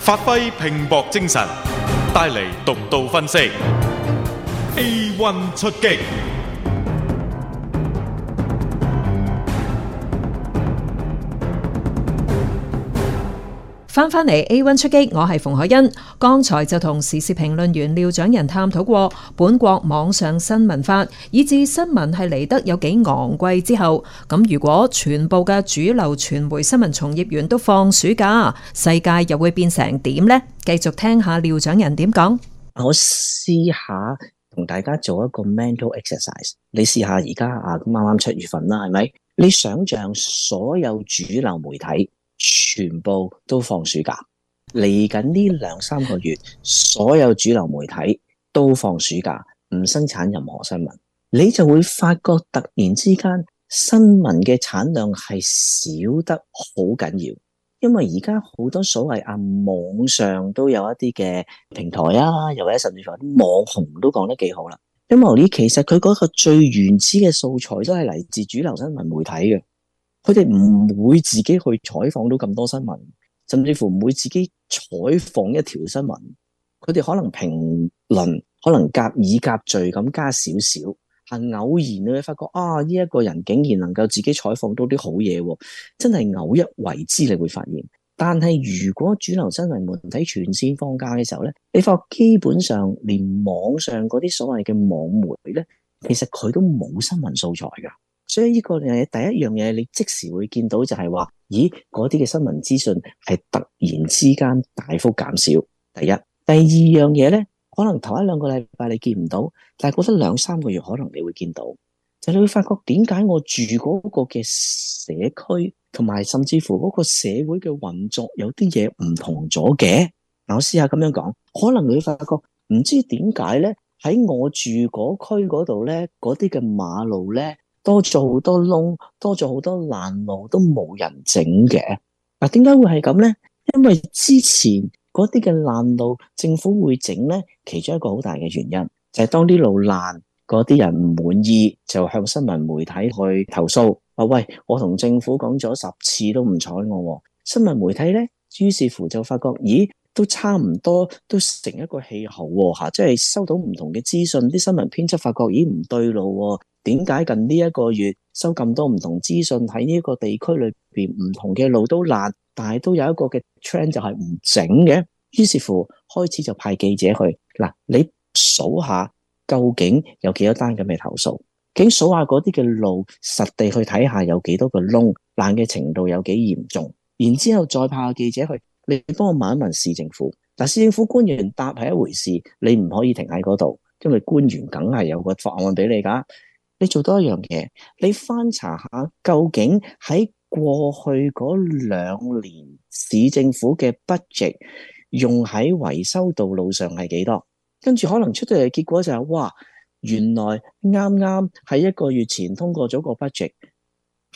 發揮拼搏精神，帶嚟獨到分析。A1 出擊。翻翻嚟 A1 出擊，我係馮凱欣。剛才就同時事評論員廖長仁探討過本國網上新聞法，以至新聞係嚟得有幾昂貴之後，咁如果全部嘅主流傳媒新聞從業員都放暑假，世界又會變成點呢？繼續聽，聽下廖長仁點講。我試下同大家做一個 mental exercise，你試下而家啊，啱啱七月份啦，係咪？你想象所有主流媒體。全部都放暑假，嚟緊呢兩三個月，所有主流媒體都放暑假，唔生產任何新聞，你就會發覺突然之間新聞嘅產量係少得好緊要，因為而家好多所謂啊，網上都有一啲嘅平台啊，又或者甚至乎啲網紅都講得幾好啦，因為呢其實佢嗰個最原始嘅素材都係嚟自主流新聞媒體嘅。佢哋唔會自己去採訪到咁多新聞，甚至乎唔會自己採訪一條新聞。佢哋可能評論，可能夾議夾敘咁加少少，係偶然你會發覺啊，呢一個人竟然能夠自己採訪到啲好嘢，真係偶一為之，你會發現。但係如果主流新聞媒體全線放假嘅時候咧，你發覺基本上連網上嗰啲所謂嘅網媒咧，其實佢都冇新聞素材噶。所以呢個第一樣嘢，你即時會見到就係話，咦嗰啲嘅新聞資訊係突然之間大幅減少。第一，第二樣嘢咧，可能頭一兩個禮拜你見唔到，但係過得兩三個月，可能你會見到，就你會發覺點解我住嗰個嘅社區，同埋甚至乎嗰個社會嘅運作有啲嘢唔同咗嘅。嗱，我試下咁樣講，可能你會發覺唔知點解咧，喺我住嗰區嗰度咧，嗰啲嘅馬路咧。多咗好多窿，多咗好多爛路都冇人整嘅。嗱、啊，點解會係咁呢？因為之前嗰啲嘅爛路，政府會整呢。其中一個好大嘅原因就係、是、當啲路爛，嗰啲人唔滿意，就向新聞媒體去投訴。啊、喂，我同政府講咗十次都唔睬我。新聞媒體呢，於是乎就發覺，咦，都差唔多，都成一個氣候。吓、啊，即、就、係、是、收到唔同嘅資訊，啲新聞編輯發覺，咦，唔對路。點解近呢一個月收咁多唔同資訊喺呢個地區裏邊，唔同嘅路都爛，但係都有一個嘅 trend 就係唔整嘅。於是乎，開始就派記者去嗱，你數下究竟有幾多單咁嘅投訴，竟數下嗰啲嘅路，實地去睇下有幾多個窿，爛嘅程度有幾嚴重，然之後再派記者去，你幫我問一問市政府。但市政府官員答係一回事，你唔可以停喺嗰度，因為官員梗係有個法案俾你噶。你做多一樣嘢，你翻查下究竟喺過去嗰兩年，市政府嘅 budget 用喺維修道路上係幾多？跟住可能出到嘅結果就係、是，哇，原來啱啱喺一個月前通過咗個 budget，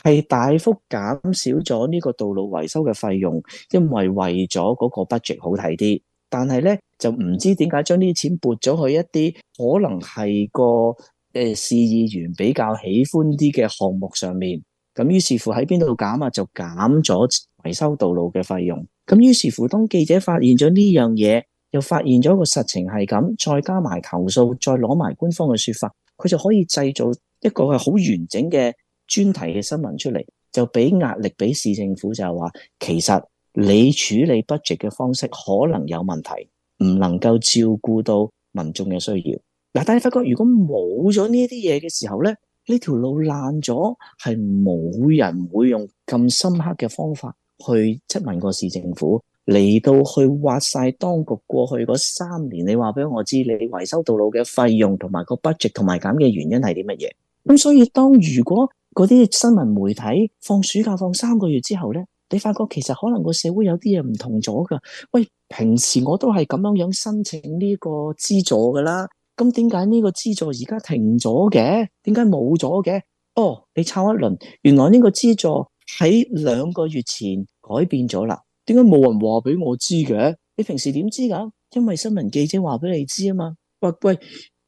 係大幅減少咗呢個道路維修嘅費用，因為為咗嗰個 budget 好睇啲，但係咧就唔知點解將呢啲錢撥咗去一啲可能係個。嘅市議員比較喜歡啲嘅項目上面，咁於是乎喺邊度減啊，就減咗維修道路嘅費用。咁於是乎，當記者發現咗呢樣嘢，又發現咗個實情係咁，再加埋投訴，再攞埋官方嘅說法，佢就可以製造一個係好完整嘅專題嘅新聞出嚟，就俾壓力俾市政府就，就係話其實你處理 budget 嘅方式可能有問題，唔能夠照顧到民眾嘅需要。嗱，但係發覺如果冇咗呢一啲嘢嘅時候咧，呢條路爛咗，係冇人會用咁深刻嘅方法去質問個市政府，嚟到去挖晒當局過去嗰三年，你話俾我知，你維修道路嘅費用同埋個 budget 同埋減嘅原因係啲乜嘢？咁所以，當如果嗰啲新聞媒體放暑假放三個月之後咧，你發覺其實可能個社會有啲嘢唔同咗噶。喂，平時我都係咁樣樣申請呢個資助噶啦。咁點解呢個資助而家停咗嘅？點解冇咗嘅？哦，你抄一輪，原來呢個資助喺兩個月前改變咗啦。點解冇人話俾我知嘅？你平時點知噶？因為新聞記者話俾你知啊嘛。喂喂，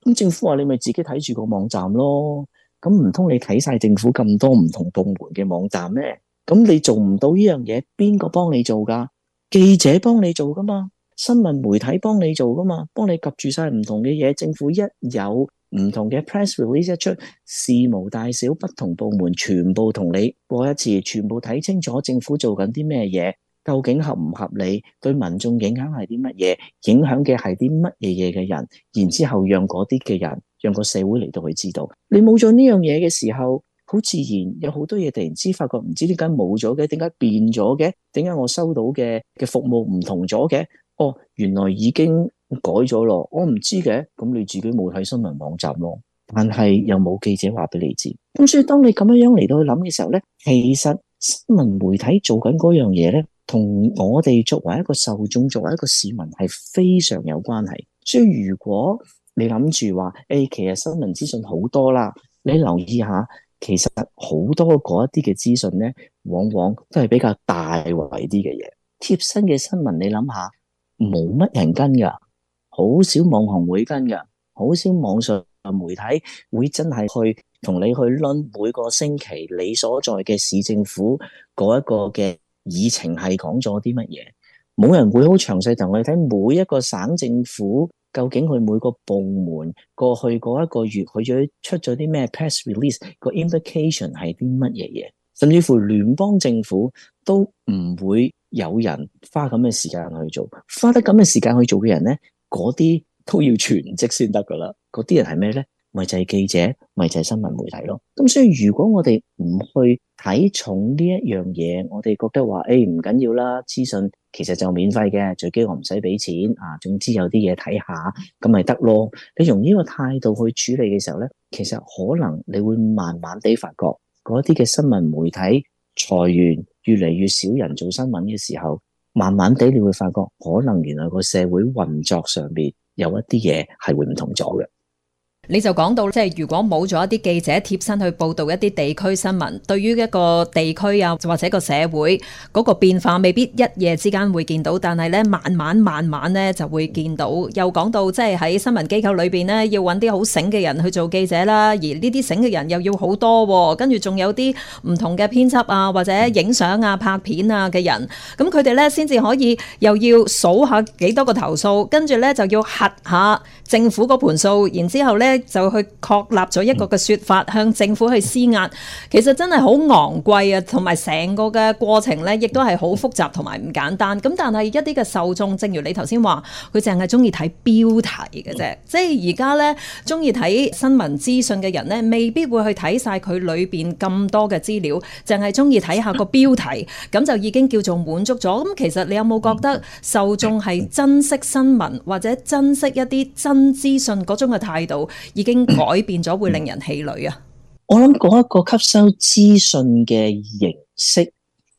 咁政府話你咪自己睇住個網站咯。咁唔通你睇晒政府咁多唔同部門嘅網站咩？咁你做唔到呢樣嘢，邊個幫你做噶？記者幫你做噶嘛。新聞媒體幫你做㗎嘛，幫你及住晒唔同嘅嘢。政府一有唔同嘅 press release 一出，事無大小，不同部門全部同你過一次，全部睇清楚政府做緊啲咩嘢，究竟合唔合理，對民眾影響係啲乜嘢，影響嘅係啲乜嘢嘢嘅人，然之後讓嗰啲嘅人，讓個社會嚟到去知道。你冇咗呢樣嘢嘅時候，好自然有好多嘢突然之間發覺唔知點解冇咗嘅，點解變咗嘅，點解我收到嘅嘅服務唔同咗嘅。哦，原來已經改咗咯，我唔知嘅，咁你自己冇睇新聞網站咯，但係又冇記者話俾你知，咁所以當你咁樣樣嚟到去諗嘅時候咧，其實新聞媒體做緊嗰樣嘢咧，同我哋作為一個受眾，作為一個市民係非常有關係。所以如果你諗住話，誒、哎，其實新聞資訊好多啦，你留意下，其實好多嗰一啲嘅資訊咧，往往都係比較大圍啲嘅嘢，貼身嘅新聞，你諗下。冇乜人跟噶，好少網紅會跟噶，好少網上媒體會真係去同你去論每個星期你所在嘅市政府嗰一個嘅議程係講咗啲乜嘢，冇人會好詳細同你睇每一個省政府究竟佢每個部門過去嗰一個月佢就出咗啲咩 press release 個 indication 係啲乜嘢嘢。甚至乎聯邦政府都唔會有人花咁嘅時間去做，花得咁嘅時間去做嘅人呢，嗰啲都要全職先得噶啦。嗰啲人係咩呢？咪就係記者，咪就係新聞媒體咯。咁所以，如果我哋唔去睇重呢一樣嘢，我哋覺得話：誒，唔緊要啦，資訊其實就免費嘅，最基我唔使俾錢啊。總之有啲嘢睇下，咁咪得咯。你用呢個態度去處理嘅時候呢，其實可能你會慢慢地發覺。嗰啲嘅新聞媒體裁員，越嚟越少人做新聞嘅時候，慢慢地你會發覺，可能原來個社會運作上面有一啲嘢係會唔同咗嘅。你就講到即係如果冇咗一啲記者貼身去報導一啲地區新聞，對於一個地區啊，或者個社會嗰個變化，未必一夜之間會見到，但係咧，慢慢慢慢咧就會見到。又講到即係喺新聞機構裏面呢，要揾啲好醒嘅人去做記者啦，而呢啲醒嘅人又要好多啊，跟住仲有啲唔同嘅編輯啊，或者影相啊、拍片啊嘅人，咁佢哋咧先至可以又要數下幾多個投訴，跟住咧就要核下政府嗰盤數，然之後呢就去確立咗一個嘅説法，向政府去施壓。其實真係好昂貴啊，同埋成個嘅過程呢亦都係好複雜同埋唔簡單。咁但係一啲嘅受眾，正如你頭先話，佢淨係中意睇標題嘅啫。即係而家呢中意睇新聞資訊嘅人呢，未必會去睇晒佢裏邊咁多嘅資料，淨係中意睇下個標題，咁 就已經叫做滿足咗。咁其實你有冇覺得受眾係珍惜新聞或者珍惜一啲真資訊嗰種嘅態度已經改變咗，會令人氣餒啊！我諗嗰一個吸收資訊嘅形式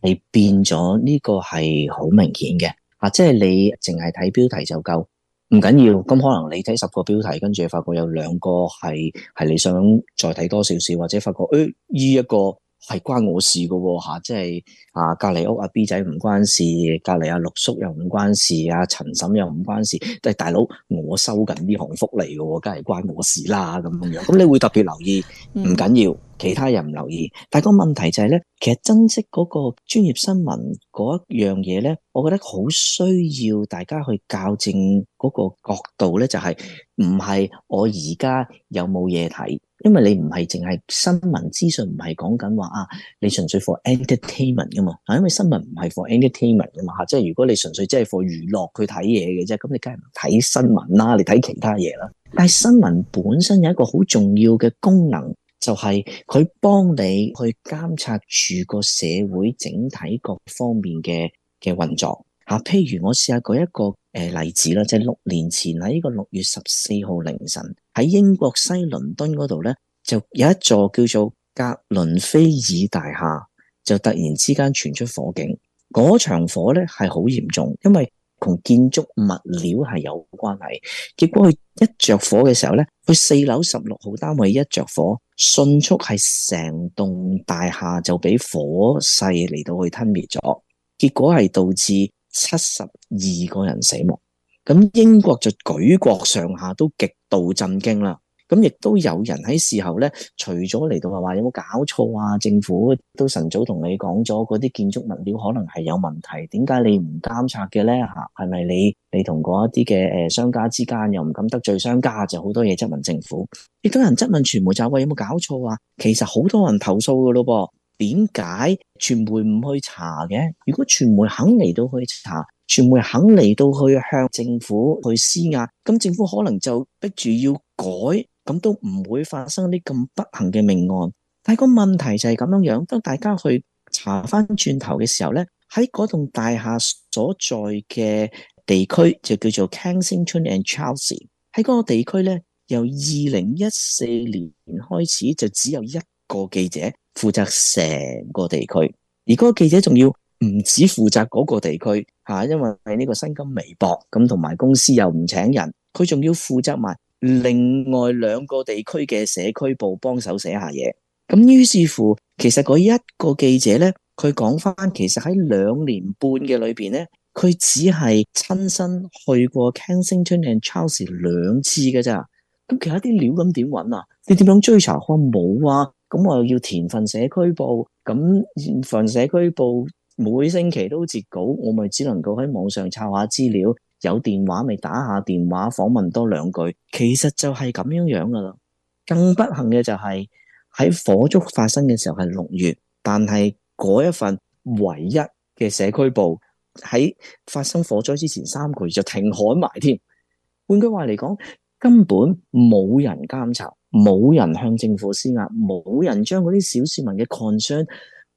你變咗，呢個係好明顯嘅啊！即係你淨係睇標題就夠，唔緊要。咁可能你睇十個標題，跟住發覺有兩個係係你想再睇多少少，或者發覺誒依一個。係關我的事噶喎，吓，即係啊隔籬屋啊 B 仔唔關事，隔籬阿六叔又唔關事，阿陳嬸又唔關事，但係、嗯、大佬我收緊呢項福利喎，梗係關我事啦咁樣。咁你會特別留意？唔緊、嗯、要緊，其他人唔留意。但個問題就係、是、咧，其實珍惜嗰個專業新聞嗰一樣嘢咧，我覺得好需要大家去校正嗰個角度咧，就係唔係我而家有冇嘢睇。因為你唔係淨係新聞資訊，唔係講緊話啊，你純粹 for entertainment 噶嘛，因為新聞唔係 for entertainment 噶嘛，即係如果你純粹即係 for 娛樂去睇嘢嘅啫，咁你梗係唔睇新聞啦，你睇其他嘢啦。但係新聞本身有一個好重要嘅功能，就係佢幫你去監察住個社會整體各方面嘅運作。吓！譬如我試下舉一個誒例子啦，即係六年前喺呢個六月十四號凌晨，喺英國西倫敦嗰度咧，就有一座叫做格倫菲爾大廈，就突然之間傳出火警。嗰場火咧係好嚴重，因為同建築物料係有關係。結果佢一着火嘅時候咧，佢四樓十六號單位一着火，迅速係成棟大廈就俾火勢嚟到去吞滅咗。結果係導致，七十二個人死亡，咁英國就舉國上下都極度震驚啦。咁亦都有人喺事後咧，除咗嚟到係話有冇搞錯啊？政府都晨早同你講咗，嗰啲建築物料可能係有問題，點解你唔監察嘅咧？吓，係咪你你同嗰一啲嘅誒商家之間又唔敢得罪商家，就好多嘢質問政府，亦都有人質問傳媒，就話喂，有冇搞錯啊？其實好多人投訴噶咯噃。點解傳媒唔去查嘅？如果傳媒肯嚟到去查，傳媒肯嚟到去向政府去施壓，咁政府可能就逼住要改，咁都唔會發生啲咁不幸嘅命案。但係個問題就係咁樣樣。當大家去查翻轉頭嘅時候咧，喺嗰棟大廈所在嘅地區就叫做 Kensington and Chelsea。喺嗰個地區咧，由二零一四年開始就只有一個記者。負責成個地區，而個記者仲要唔止負責嗰個地區，因為喺呢個薪金微薄，咁同埋公司又唔請人，佢仲要負責埋另外兩個地區嘅社區報幫手寫下嘢。咁於是乎，其實嗰一個記者咧，佢講翻其實喺兩年半嘅裏面咧，佢只係親身去過 Kensington and Charles 兩次㗎咋。咁其他啲料咁點揾啊？你點樣追查？我冇啊！咁我又要填份社區報，咁份社區報每星期都截稿，我咪只能夠喺網上抄下資料，有電話咪打下電話訪問多兩句，其實就係咁樣樣噶啦。更不幸嘅就係、是、喺火燭發生嘅時候係六月，但係嗰一份唯一嘅社區報喺發生火災之前三個月就停刊埋添。換句話嚟講，根本冇人監察。冇人向政府施壓，冇人將嗰啲小市民嘅 concern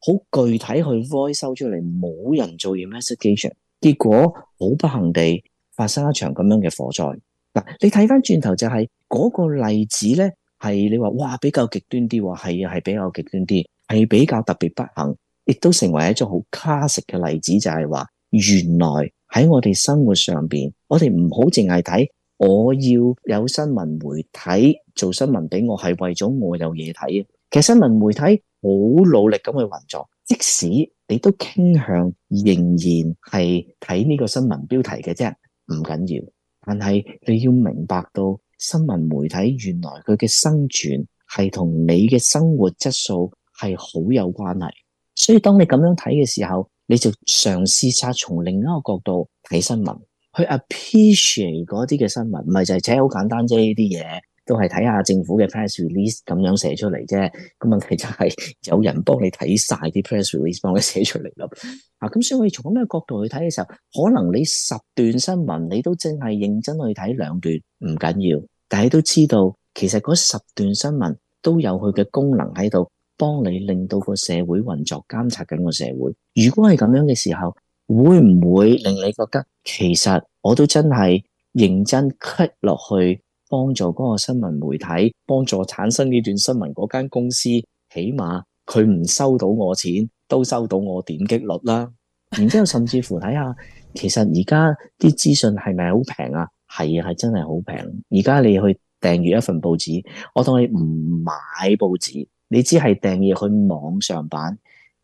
好具體去 voice 收出嚟，冇人做 investigation，結果好不幸地發生一場咁樣嘅火災。嗱，你睇翻轉頭就係、是、嗰、那個例子咧，係你話哇比較極端啲，係啊係比較極端啲，係比較特別不幸，亦都成為一種好 classic 嘅例子，就係、是、話原來喺我哋生活上面，我哋唔好淨係睇。我要有新聞媒體做新聞俾我係為咗我有嘢睇。其實新聞媒體好努力咁去運作，即使你都傾向仍然係睇呢個新聞標題嘅啫，唔緊要。但係你要明白到新聞媒體原來佢嘅生存係同你嘅生活質素係好有關係，所以當你咁樣睇嘅時候，你就嘗試一下從另一個角度睇新聞。去 appreciate 嗰啲嘅新聞，唔係就係寫好簡單啫。呢啲嘢都係睇下政府嘅 press release 咁樣寫出嚟啫。個問題就係有人幫你睇晒啲 press release，幫你寫出嚟咯。嗯、啊，咁所以我哋從咩嘅角度去睇嘅時候，可能你十段新聞你都淨係認真去睇兩段唔緊要，但係都知道其實嗰十段新聞都有佢嘅功能喺度，幫你令到個社會運作，監察緊個社會。如果係咁樣嘅時候，會唔會令你覺得其實我都真係認真 cut 落去，幫助嗰個新聞媒體，幫助產生呢段新聞嗰間公司，起碼佢唔收到我錢，都收到我點擊率啦。 然之後甚至乎睇下，其實而家啲資訊係咪好平啊？係啊，係真係好平。而家你去訂閱一份報紙，我當你唔買報紙，你只係訂閱去網上版，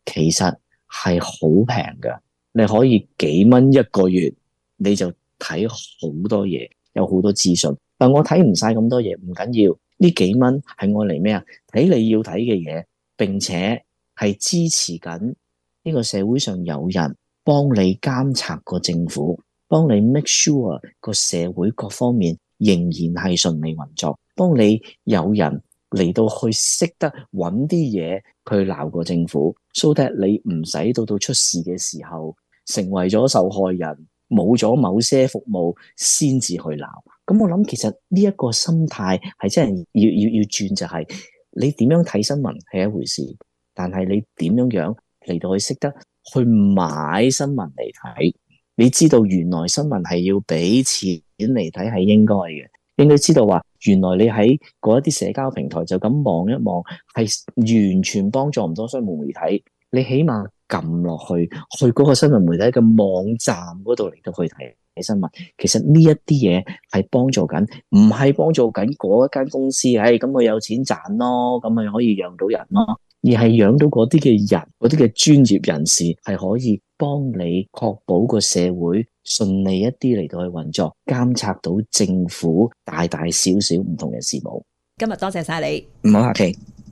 其實係好平㗎。你可以幾蚊一個月，你就睇好多嘢，有好多資訊。但我睇唔晒咁多嘢，唔緊要。呢幾蚊係我嚟咩啊？睇你要睇嘅嘢，並且係支持緊呢個社會上有人幫你監察個政府，幫你 make sure 個社會各方面仍然係順利運作，幫你有人嚟到去識得揾啲嘢去鬧個政府，so that 你唔使到到出事嘅時候。成為咗受害人，冇咗某些服務，先至去鬧。咁我諗，其實呢一個心態係真係要要要轉，就係你點樣睇新聞係一回事，但係你點樣樣嚟到去識得去買新聞嚟睇，你知道原來新聞係要俾錢嚟睇係應該嘅，應該知道話原來你喺嗰一啲社交平台就咁望一望，係完全幫助唔到新聞媒體。你起碼。撳落去，去嗰個新聞媒體嘅網站嗰度嚟到去睇睇新聞。其實呢一啲嘢係幫助緊，唔係幫助緊嗰一間公司。唉、哎，咁佢有錢賺咯，咁咪可以養到人咯，而係養到嗰啲嘅人，嗰啲嘅專業人士係可以幫你確保個社會順利一啲嚟到去運作，監察到政府大大小小唔同嘅事務。今日多謝晒你，唔好客氣。